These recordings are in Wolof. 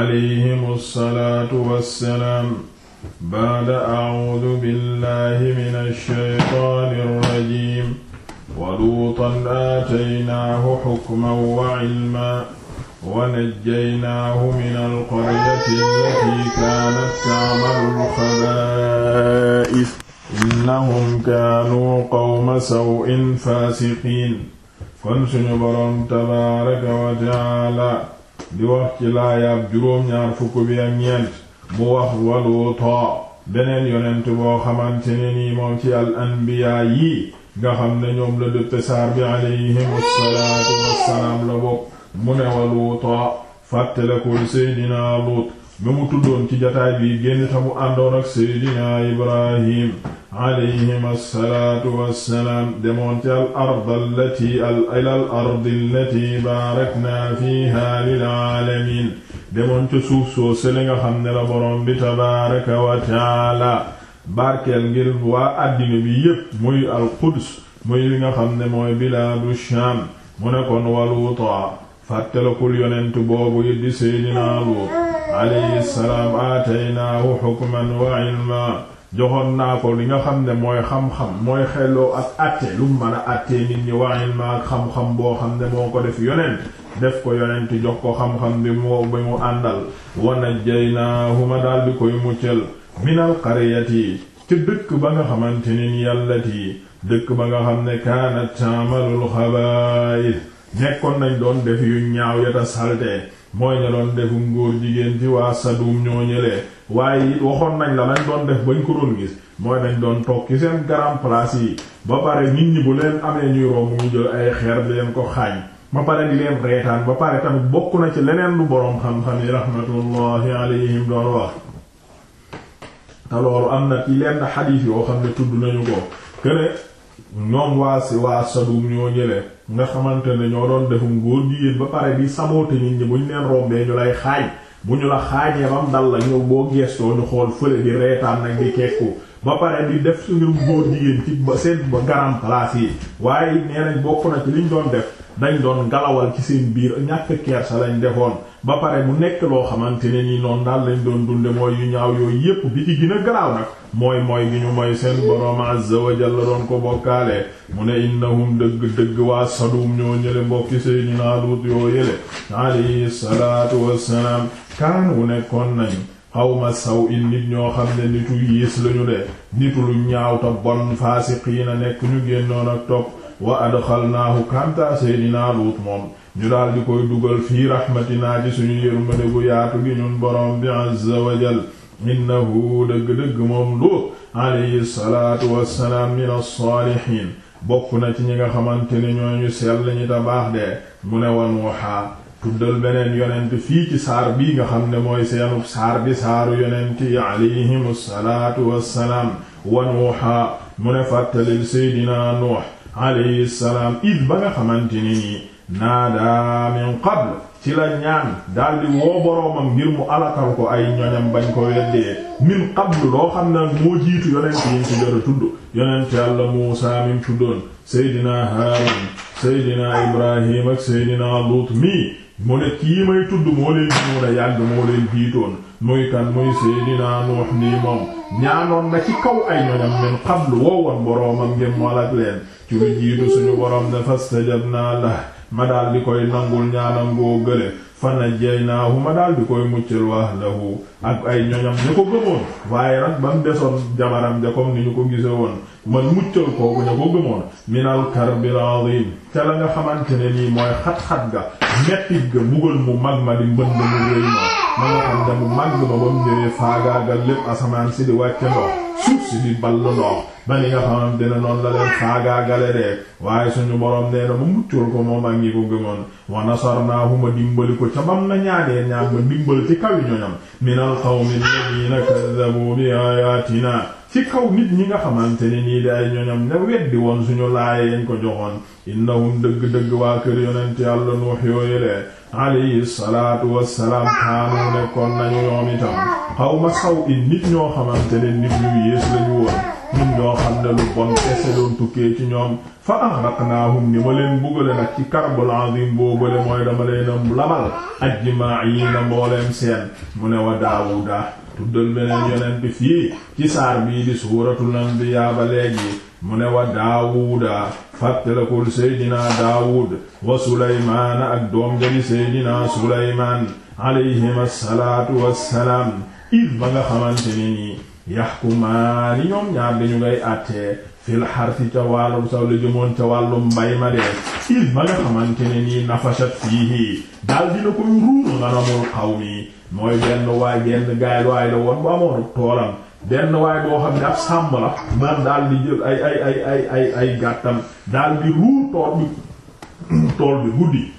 alayhim salaatu wassalaam baada audu billahi min alsheytaani alrajim wa luutan aataynaahu xukman wa cilma wa najjaynaahu min alqaryati allati kaanat tacmalu alxabaa'is innahum kaanuu qawma saw'in faasiqiin kon suñu boroom tabaaraka wa tacaala di wax ci laayaab juróom-ñaar fukk bi ak ñeent mu wax waluuta beneen yonent boo xamante ne nii moom ci al anbiyaa yi nga xam ne ñoom la dëppe saar bi alayhim assalaatu wassalaam la bokk mu ne waluuta fàttalekul seydinaa Luut ba mu tuddoon ci jataay bi génn ta mu àndoon ak seydina ibrahim alayhim assalaatu wassalaam demoon ci al ard ila al ard allati baarakna fiha demoon ca suuf soo sele nga xam ne la boroom bi tabaaraka wa taala barkeel ngir waa àddina bi yépp muy al muy li nga xam ne mooy bilaadu shaam mu ne kon waluutaa fàttalakul yonent boobu it di seydina alayhi salaam aataynaahu xukman wa joxoon naa ko li nga xam ne mooy xam-xam mooy xeloo ak àtte lu mën a àttee nit ñi wa ilma ak xam-xam boo xam ne moo ko def yonent def ko yonent jox ko xam-xam bi moo mu àndal wa najjaynaahu ma daal di koy muccal minal qaryati ci dëkk ba nga xamante ne ni yàllati dëkk ba nga xam ne kaanat taamalul xabaa'is nekkoon nañ doon def yu ñaaw yata salte mooy ña doon defum góor jigéen ci waa Sadum ñoo ñëlee waaye it waxoon nañ la lañ doon def bañ ko doon gis mooy dañ doon toog ci seen grand place yi ba pare nit ñi bu leen amee ñuy romb mu ay xeer di leen ko xaañ ba pare di leen reetaan ba pare tamit bokk na ci leneen lu boroom xam-xam yi rahmatullahi alayhim doon wax te loolu am na ci lenn xadiis yoo xam ne tudd nañu ko kene ñoom waa si waa Sadum ñoo ñële nga xamante ne ñoo doon defum góor jigéen ba pare bi saboote nit ñi buñ leen rombee ñu lay xaaj bu ñu la xaajee bam dal la ñëw boo gestoo ñu xool fële di reetaan nag di kekku ba pare di def suñu góor jigéen ci seen garam place yi waaye nee nañ bokk na ci liñ doon def dañ doon ngalawal ci seen biir ñàkk kersa lañ defoon ba pare mu nekk loo xamante ne nii noonu daal lañ doon dunde mooy yu ñaaw yooyu yépp bi ci a garaaw nag mooy mooy gi ñu mooy seen boroom azza wa jalla doon ko bokkaale mu ne innahum dëgg-dëgg waa sadum ñoo ñële mbokki seydinaa Luut yoo yële alayhi salaatu wassalaam kaanu nekkoon nañu xawma saw in nit ñoo xam ne nitu yiis lañu de nitu lu ñaaw ta bon faasiqiina nekk ñu génnoon ak topp wa adxalnaahu kanta seydinaa luut moom ñu daal di koy dugal fii rahmatinaa ci suñu yërmande gu yaatu gi ñun borom bi azza wa jal innahu dëgg-dëgg moom luut alayhi salaatu wassalaam min as bokk na ci ñi nga xamante ne ñu sell ñi ta baax de mu ne wa Nuuha tuddal beneen yonent fii ci saar bii nga xam ne mooy seenub saar bi saaru yonent yi alayhim salaatu wassalaam wa Nuuha mu ne fàttalil seydinaa Nuuh alayhi salaam id ba nga xamante ne nii naadaa min qabl ci la ñaan daldi woo boroomam ngir mu alakal ko ay ñoñam bañ ko weddee min qabl loo xam ne moo jiitu yonent yi ci jot a tudd yonent yàlla Muusaa min tuddoon Seydina Haarun Seydina Ibrahim ak Seydina Luut mii mu ne kii may tudd moo leen ñëw yàgg moo leen jiitoon muy kan muy Seydina Nuux nii moom ñaanoon na ci kaw ay ñoñam min qabl woowoon boroomam ngir mu alak leen ci lu jiitu suñu borom dafa stajabnaa la ma daal koy nangul ñaanam boo gële fa najjaynaahu ma daal di koy muccal wahlahu ak ay ñoñam ñu ko gëmoon waaye nag ba mu desoon jabaram ja comme ni ñu ko gise woon man muccal kooku ñu ko gëmoon minal karbil ca la nga xamante nii mooy xat-xat ga mettit ga mbugal mu mag ma di mbënd mu réy ma ma nga xam mu mag ma ba mu ñëwee faagaagal lépp asamaan si di wàcce ndox si di ballu ndox ba ni nga xamante ne noonu la leen faagaagale de waaye suñu borom nee na ma muccul ko moom ak ñi ko gëmoon wa nasarnaahu ma dimbali ko ca bam na ñaadee ñaan ma dimbali ci kaw ñoñam minal qawmi alladhina kadhabu bi ayatina ci kaw nit ñi nga xamante ne nii di ay ñoñam ne weddi woon suñu laaya yañ ko joxoon innahum dëgg-dëgg waa kër yonent yàlla nuux yooyu lee alayhi salaatu wassalaam kaanu nekkoon nañu ñoom itam xawma saw in nit ñoo xamante ne nit ñu yées lañu woon nit ñoo xam ne lu bon kese doon tukkee ci ñoom fa aghraqnaahum ni ma leen bugale nag ci karbul azim boobale mooy dama leen lamal ajmaa'iina mbooleem seen mu ne wa daawuda tuddal beneen yonent fii ci saar bii di suuratul anbiyaa ba léegi mu ne wa daawuda fàttalakul seydina daawud wa suleymaana ak doom jali seydina suleymaan alayhim wa salaam id ba nga xamante ne nii yaxkumaani ñoom ñaar dañu ngay àttee fil xarsi ca wàllum saw la jëmoon ca wàllum mbay ma dee id ba nga xamante ne nii nafashat fiihi daal dina koy ruur ganamul xawmi mooy benn waay benn gaayluwaay la woon bu amoon toolam benn waaye boo xam ne ab sàmm la man daal di jël ay ay ay ay ay ay gàttam daal di ruur tool bi tool bi guddi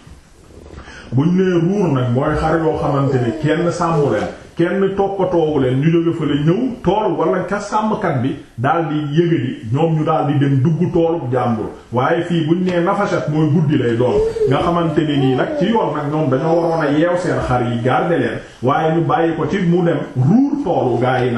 buñ nee ruur nag mooy xar yoo xamante ne kenn sàmmu leen kenn toppatoowu leen ñu jóge fa la ñëw tool wala ka sàmmkat bi dal di yëga di ñoom ñu daal di dem dugg toolub jàmbur waaye fii buñ nee nafaset mooy guddi lay doon nga xamante ni nii nag ci yoon nag ñoom dañoo waroon a yeew seen xar yi garder leen waaye ñu bàyyi ko ci mu dem ruur toolu gaa yi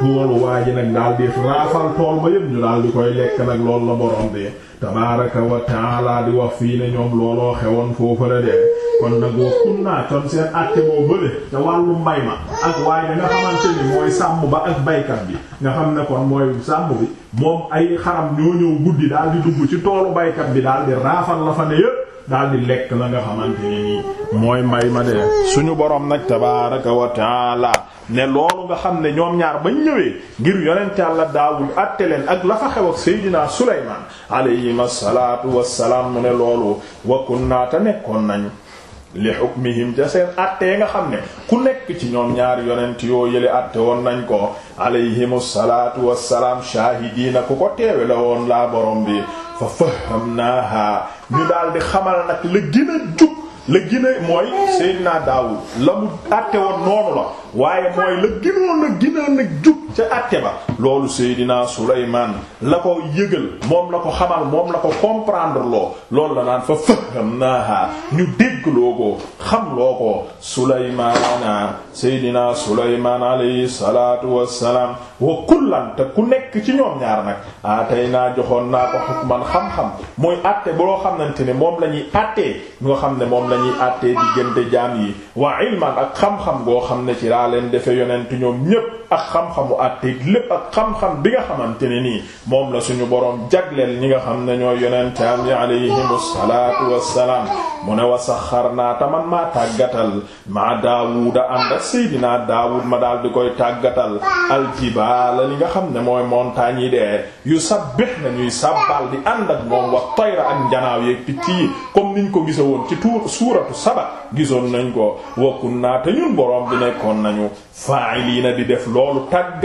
loolu waa ji nag daal di raafal tool ba yëpp ñu daal di koy lekk nag loolu la borom bi tabaaraka wa taala di wax fii ne ñoom looloo xewoon foofu la de kon nag wa kunnaa kon seen àtte boo bële te wàllu mbay ma ak waaye nga xamante ni mooy sàmm ba ak baykat bi nga xam ne kon mooy sàmm bi moom ay xaram ñoo ñëw guddi daal dugg ci toolu baykat bi daal di raafal la fa ne yëpp daal di lekk la nga xamante yi nii mooy may ma de suñu borom nag tabaaraka wa taala ne loolu nga xam ne ñoom ñaar bañ ñëwee ngir yonent Yàlla Daawud àtte leen ak la fa xew ak Seydina Sulaymaan alayhima wassalaam mu ne loolu wa kunnaa nekkoon nañ li hukmihim ca seen àttee nga xam ne ku nekk ci ñoom ñaari yonent yoo yële àtte woon nañ ko alayhimu salaatu wassalaam shaahidiina ku ko teewe la woon laa borom bi fa fahamnaaha ñu daal di xamal nag la gën jub la gën a mooy Seydina Daawud la mu àtte woon noonu la waaye mooy la gënoon la gën a nag jub ca àtte ba loolu Seydina Sulaymaan la ko yëgal moom la ko xamal moom la ko comprendre loo loolu la naan fa fahamnaaha ñu dégg loo ko xam loo ko Sulaymaana Seydina Sulaymaan alayhi salaatu wassalaam wa kullan ku nekk ci ñoom ñaar nag ah tey naa joxoon naa ko xukman xam-xam mooy àtte bu loo xamante ne moom la ñuy àttee ñu xam ne moom la ñuy àttee diggante jaam yi wa ilman ak xam-xam goo xam ne ci laa leen defe yonent ñoom ñépp ak xam-xamu àttee lépp ak xam-xam bi nga xamante ne nii moom la suñu boroom jagleel ñi nga xam ne yeneen ñooy yonentam yi alayhimu salaatu wassalaam mu ne wa saxarnaa taman maa tàggatal maa daawuda ànd ak seydinaa daawud ma daal di koy tàggatal aljibaala li nga xam ne mooy montagne yi de yu sabbih na ñuy sàbbal di ànd moom wax tayra ak njanaaw yeeg picc yi comme niñ ko gisa woon ci tuur suuratu saba gisoon nañ ko wakkun naa te ñun boroom bi nekkoon nañu faa'iliina di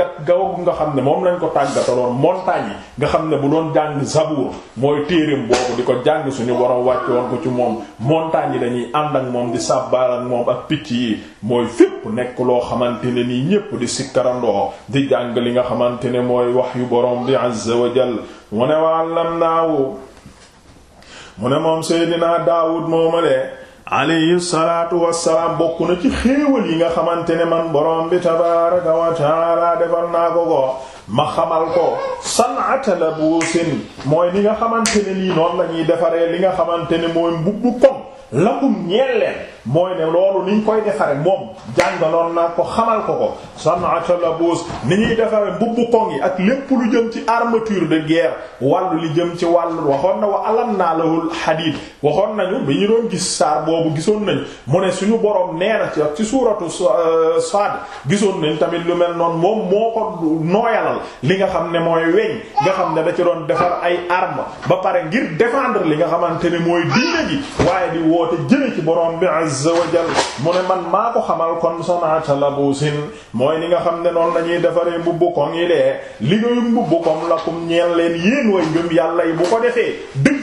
tàggat gawagu nga xam ne moom lañ ko tàggataloon montagne yi nga xam ne bu doon jàng zabuur mooy téereem boobu di ko jàng suñu waroon wàcc woon ko ci moom montagne yi dañuy ànd ak moom di sàbbaal ak moom ak picc yi mooy fépp nekk loo xamante ne nii ñépp di sikkarandoo di jàng li nga xamante ne mooy wax yu borom bi azza wa jal mu ne wa allamnaahu mu ne moom Seydina Daawud moomalee alayhi salaatu wassalaam bokk na ci xéewal yi nga xamante ne man borom bi tabaaraka wa taala defal naa ko ko ma xamal ko sanata labuusin mooy li nga xamante ne nii noonu la ñuy defaree li nga xamante ne mooy mbubbu kom lakum ñeel mooy ne loolu niñ koy defaree moom jàngaloon naa ko xamal ko ko sanata labous ni ñuy defare mbubbu koŋ yi ak lépp lu jëm ci armature de guerre wàllu li jëm ci wàllu waxoon na wa alam naa lahul hadid waxoon nañu bi ñu doon gis saar boobu gisoon nañ mu ne suñu boroom nee na ci ak ci suuratu euh, Saad gisoon nañ tamit lu mel noon moom moo ko nooyalal li nga xam ne mooy weñ nga xam ne da ci doon defar ay arme ba pare ngir défendre li nga xamante ne mooy diine ji ci boroom bi azza wa jal mu ne man maa ko xamal kon sanaata labusin mooy ni nga xam ne noonu lañuy defaree mbubbu koŋ yi de liggéeyu mbubbu koŋ lakum ñeel leen yéen way ngëm yàlla yi bu ko defee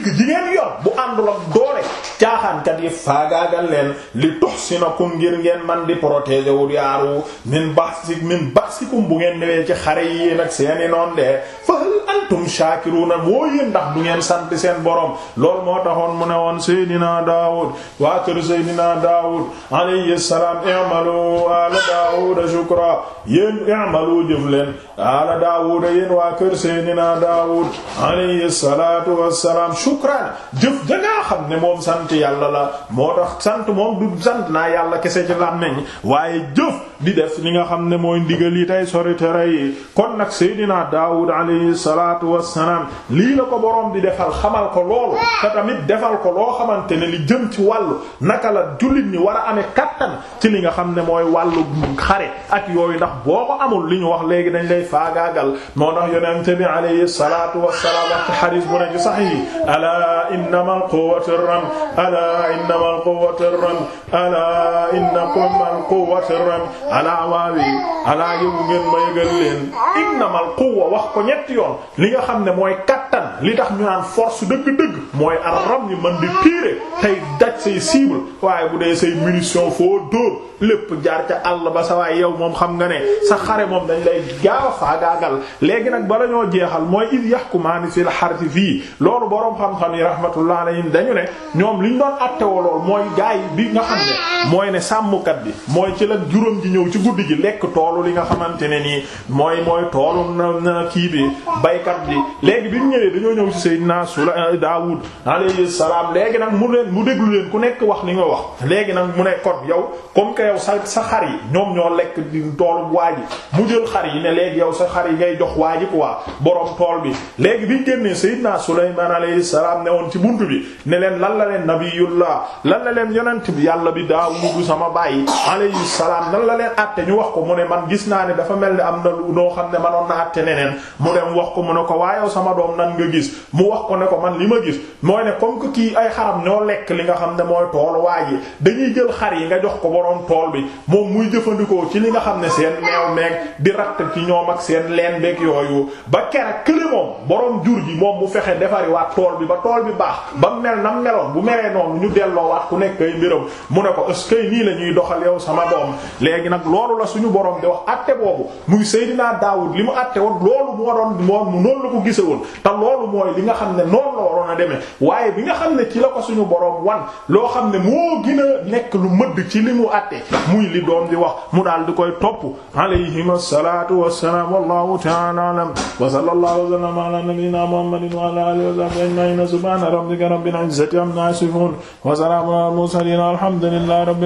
dëgg ji ngeen bu àndul ak doole caaxaankat yi faagaagal leen li tuhsinakum ngir ngeen man di protéger wul yaaru min baxsi min bu ngeen newee ci xare yi ak seeni noon de fa hal antum moo yéen ndax du ngeen sant seen borom loolu moo taxoon mu ne woon Seydina Daawud waa kër Seydina Daawud alayhi salaam i'malu ala Daawuda shukra yéen ala Daawuda yéen waa kër Seydina Daawud alayhi salaatu wassalaam shukran jëf da xam ne moom sant yàlla la moo tax sant moom du sant naa yàlla kese ci làmmiñ waaye jëf di def li nga xam ne mooy ndigal yi tey sori kon nag Seydina Daawud alayhi salaatu wassalaam lii la ko borom di defal xamal ko loolu te tamit defal ko loo xamante ne li jëm ci wàllu naka la jullit ñi war a amee kattan ci li nga xam ne mooy wàllu xare ak yooyu ndax boo amul li ñu wax léegi dañ lay faagaagal moo tax yonente bi alayhi salaatu wassalaam wax ci xadiis bu nekk sax yi alaa innamal quwwatu ram alaa innamal quwwatu ram alaa innamal quwwatu ram alaa waawee alaa yëgu ngeen ma yëgal leen innamal quwwa wax ko ñetti yoon li nga xam ne mooy kat kattan li tax ñu naan force dëgg-dëgg mooy aram ni man di tirer tey daj say cible waaye bu dee say munition foo dóor lépp jaar ca àll ba sa waay yow moom xam nga ne sa xare moom dañ lay gaaw a faagaagal léegi nag bala ñoo jeexal mooy id la fil harthi fii loolu boroom xam-xam yi rahmatullah alayhim dañu ne ñoom li ñu doon attewoo lool mooy gaay bi nga xam ne mooy ne sàmmkat bi mooy ci la juróom ji ñëw ci guddi gi lekk toolu li nga xamante ne nii mooy mooy toolu na kii ñëwee dañoo ñëw ci Seydina Sula euh, Daawud alayhi salaam léegi nag mu leen mu déglu leen ku nekk wax li nga wax léegi nag mu ne kon yow comme que yow sa sa xar yi ñoom ñoo lekk di tool waa ji mu jël xar yi ne léegi yow sa xar yi ngay jox waa ji quoi borom tool bi léegi biñ génnee Seydina Sulaymaan alayhi salaam ne woon ci bunt bi ne leen lan la leen nabiyullah lan la leen yonent bi yàlla bi Daawud sama baay alayhi salaam lan la leen àtte ñu wax ko mu ne man gis naa ne dafa mel ni am na noo xam ne manoon na àtte neneen mu ko mu ne ko xaram nga gis mu wax ko ne ko man li ma gis mooy ne comme que kii ay xaram ñoo lekk li nga xam ne mooy tool waa ji dañuy jël xar yi nga jox ko boroom tool bi moom muy jëfandikoo ci li nga xam ne seen meew meeg di ratt ci ñoom ak seen leen beeg yooyu ba keroog kële moom jur ji moom mu fexe defariwaat tool bi ba tool bi baax ba mel na meloon bu meree noonu ñu delloowaat ku nekk ay mbiram mu ne ko est-ce nii la ñuy doxal yow sama doom léegi nag loolu la suñu boroom di wax àtte boobu muy Seydina Daawud li mu àtte woon loolu moo doon moom noonu la ko gisewoon loolu mooy li nga xam ne noonu la waroon a demee waaye bi nga xam ne ci la ko suñu boroom wan loo xam ne moo gën a nekk lu mëdd ci li mu àtte muy li doom di wax mu daal di koy topp alayhim assalatu wassalaam wallahu ta'ala alam wa sallallahu wa sallama ala nabiyyina muhammadin wa ala alihi wa sahbihi ajma'in subhana rabbika rabbil izzati amma yasifun wa salamun ala al mursalin alhamdulillahi